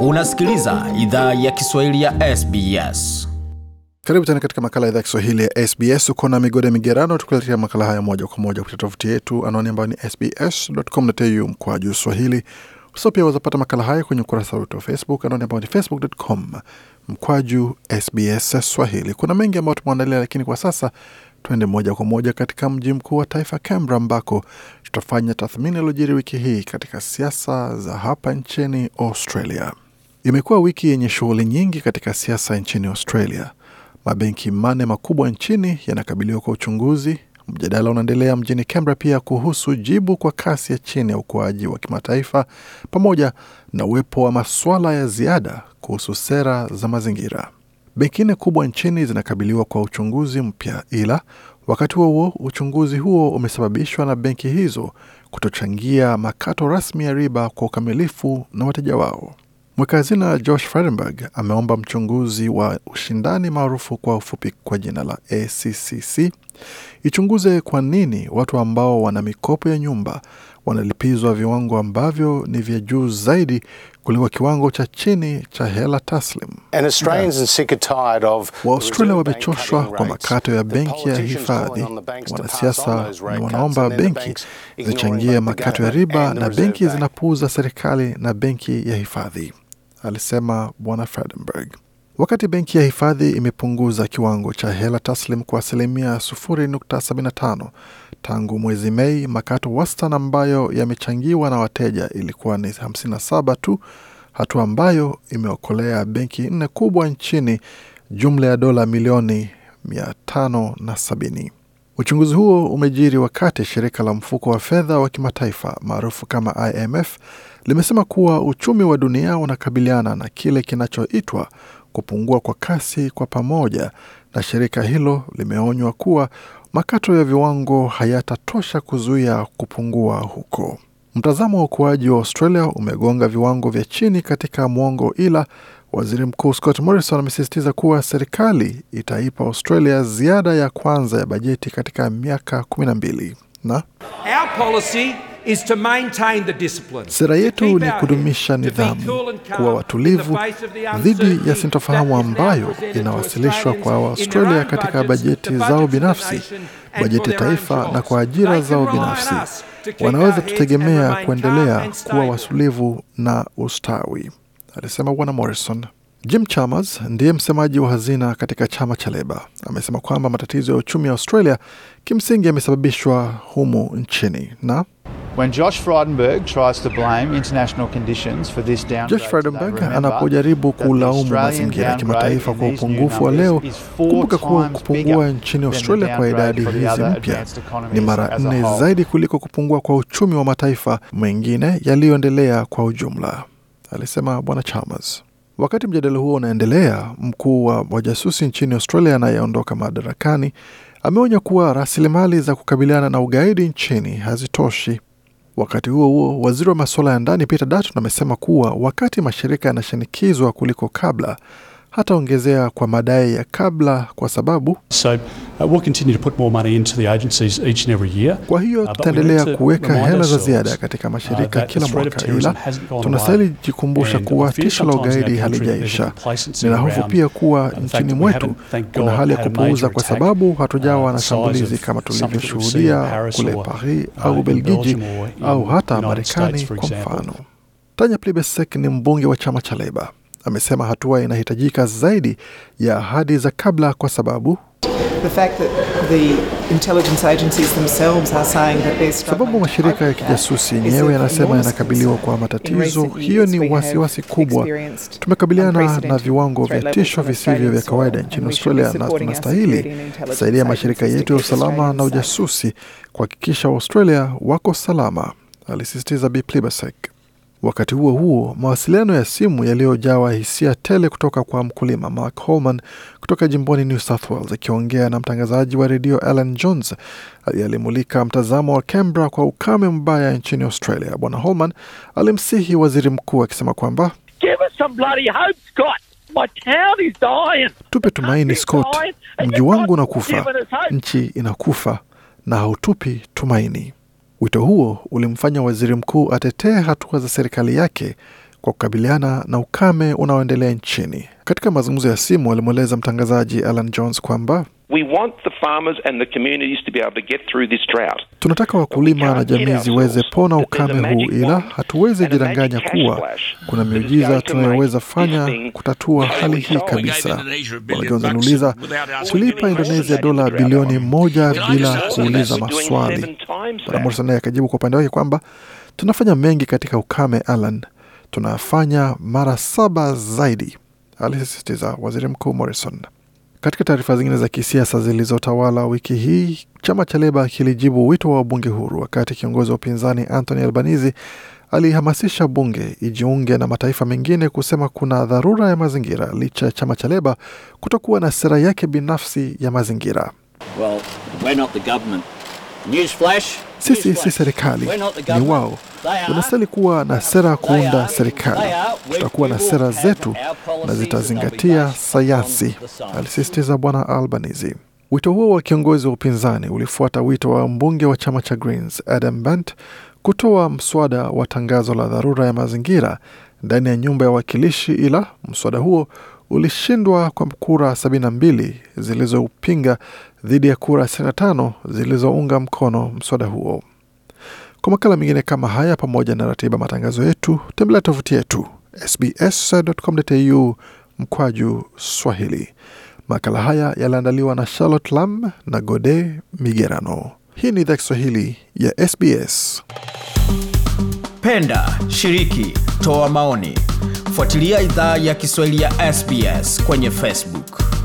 Unasikiliza idhaa ya Kiswahili ya SBS. Karibu tena katika makala ya idhaa ya Kiswahili ya SBS. Uko na migode migerano, tukuletea makala haya moja kwa moja kupitia tovuti yetu, anwani ambayo ni sbs.com.au mkwa juu swahili. So pia wazapata makala haya kwenye ukurasa wetu wa Facebook, anaoni ambayo ni facebook.com mkwaju SBS Swahili. Kuna mengi ambayo tumeandalia, lakini kwa sasa tuende moja kwa moja katika mji mkuu wa taifa Canberra, ambako tutafanya tathmini iliyojiri wiki hii katika siasa za hapa nchini Australia. Imekuwa wiki yenye shughuli nyingi katika siasa nchini Australia. Mabenki manne makubwa nchini yanakabiliwa kwa uchunguzi. Mjadala unaendelea mjini Canberra pia kuhusu jibu kwa kasi ya chini ya ukuaji wa kimataifa pamoja na uwepo wa maswala ya ziada kuhusu sera za mazingira. Benki nne kubwa nchini zinakabiliwa kwa uchunguzi mpya, ila wakati huo huo uchunguzi huo umesababishwa na benki hizo kutochangia makato rasmi ya riba kwa ukamilifu na wateja wao. Mweka hazina Josh Frydenberg ameomba mchunguzi wa ushindani maarufu kwa ufupi kwa jina la ACCC ichunguze kwa nini watu ambao wana mikopo ya nyumba wanalipizwa viwango ambavyo ni vya juu zaidi kuliko kiwango cha chini cha hela taslim. Waaustralia wamechoshwa kwa makato ya benki ya hifadhi. Wanasiasa wanaomba benki zichangie makato ya riba, na benki zinapuuza serikali na benki ya hifadhi alisema Bwana Fredenberg. Wakati benki ya hifadhi imepunguza kiwango cha hela taslim kwa asilimia 0.75 tangu mwezi Mei, makato wastani ambayo yamechangiwa na wateja ilikuwa ni 57 tu, hatua ambayo imeokolea benki nne kubwa nchini jumla ya dola milioni 570. Uchunguzi huo umejiri wakati shirika la mfuko wa fedha wa kimataifa maarufu kama IMF limesema kuwa uchumi wa dunia unakabiliana na kile kinachoitwa kupungua kwa kasi kwa pamoja, na shirika hilo limeonywa kuwa makato ya viwango hayatatosha kuzuia kupungua huko. Mtazamo wa ukuaji wa Australia umegonga viwango vya chini katika mwongo, ila Waziri Mkuu Scott Morrison amesisitiza kuwa serikali itaipa Australia ziada ya kwanza ya bajeti katika miaka kumi na mbili na sera yetu ni kudumisha nidhamu, kuwa watulivu dhidi ya sintofahamu ambayo inawasilishwa kwa Waaustralia katika bajeti zao binafsi, bajeti ya taifa na kwa ajira zao binafsi. Wanaweza tutegemea kuendelea kuwa watulivu na ustawi alisema Bwana Morrison. Jim Chalmers ndiye msemaji wa hazina katika chama cha Leba, amesema kwamba matatizo ya uchumi ya Australia kimsingi yamesababishwa humu nchini na When Josh Frydenberg tries to blame international conditions for this downgrade, Josh Frydenberg anapojaribu kulaumu mazingira ya kimataifa kwa upungufu wa leo, kumbuka kuwa kupungua nchini Australia kwa idadi hizi mpya ni mara nne zaidi kuliko kupungua kwa uchumi wa mataifa mengine yaliyoendelea kwa ujumla alisema Bwana Chalmers. Wakati mjadala huo unaendelea, mkuu wa wajasusi nchini Australia anayeondoka madarakani ameonya kuwa rasilimali za kukabiliana na ugaidi nchini hazitoshi. Wakati huo huo, waziri wa masuala ya ndani Peter Dutton amesema kuwa wakati mashirika yanashinikizwa kuliko kabla, hataongezea kwa madai ya kabla kwa sababu so, uh, we'll kwa hiyo uh, tutaendelea uh, kuweka hela za ziada katika uh, mashirika uh, kila mwaka, ila tunastahili jikumbusha kuwa tisho la ugaidi halijaisha. Nina hofu pia kuwa nchini mwetu kuna hali ya kupuuza, kwa sababu uh, hatujawa na shambulizi kama tulivyoshuhudia kule Paris au Belgiji au hata Marekani. Kwa mfano, Tanya Plibersek ni mbunge wa chama cha Leba amesema hatua inahitajika zaidi ya ahadi za kabla kwa sababu sababu mashirika ya kijasusi yenyewe yanasema yanakabiliwa kwa matatizo. Hiyo ni wasiwasi wasi kubwa. Tumekabiliana na viwango vya tisho visivyo vya kawaida nchini Australia, na tunastahili saidia mashirika yetu ya usalama na ujasusi kuhakikisha Waustralia wako salama, alisisitiza b plibesek Wakati huo huo, mawasiliano ya simu yaliyojawa hisia tele kutoka kwa mkulima Mark Holman kutoka jimboni New South Wales, akiongea na mtangazaji wa redio Alan Jones yalimulika mtazamo wa Canberra kwa ukame mbaya nchini Australia. Bwana Holman alimsihi waziri mkuu akisema kwamba tupe tumaini Scott, mji wangu unakufa, nchi inakufa na hautupi tumaini. Wito huo ulimfanya waziri mkuu atetee hatua za serikali yake kwa kukabiliana na ukame unaoendelea nchini. Katika mazungumzo ya simu alimweleza mtangazaji Alan Jones kwamba We want the farmers and the communities to be able to get through this drought. Tunataka wakulima na jamii ziweze pona ukame huu, ila hatuwezi jidanganya kuwa kuna miujiza tunayoweza fanya kutatua hali hii kabisa. Bwana Jones anauliza, tulipa Indonesia dola bilioni moja bila kuuliza maswali. Bwana Morrison naye akajibu kwa upande wake kwamba tunafanya mengi katika ukame, Alan, tunafanya mara saba zaidi, alisisitiza Waziri Mkuu Morrison. Katika taarifa zingine za kisiasa zilizotawala wiki hii, chama cha Leba kilijibu wito wa bunge huru, wakati kiongozi wa upinzani Anthony Albanese alihamasisha bunge ijiunge na mataifa mengine, kusema kuna dharura ya mazingira, licha ya chama cha Leba kutokuwa na sera yake binafsi ya mazingira. Well, sisi si serikali, ni wao. Wanastahili kuwa na sera kuunda serikali. Tutakuwa na sera zetu na zitazingatia sayansi, alisisitiza Bwana Albanese. Wito huo wa kiongozi wa upinzani ulifuata wito wa mbunge wa chama cha Greens Adam Bent kutoa mswada wa tangazo la dharura ya mazingira ndani ya nyumba ya wawakilishi, ila mswada huo ulishindwa kwa kura 72 zilizopinga dhidi ya kura 65 zilizounga mkono mswada huo. Kwa makala mengine kama haya, pamoja na ratiba matangazo yetu, tembelea tovuti yetu sbs.com.au mkwaju Swahili. Makala haya yaliandaliwa na Charlotte Lam na Gode Migerano. Hii ni idhaa Kiswahili ya SBS. Penda, shiriki, toa maoni, fuatilia idhaa ya Kiswahili ya SBS kwenye Facebook.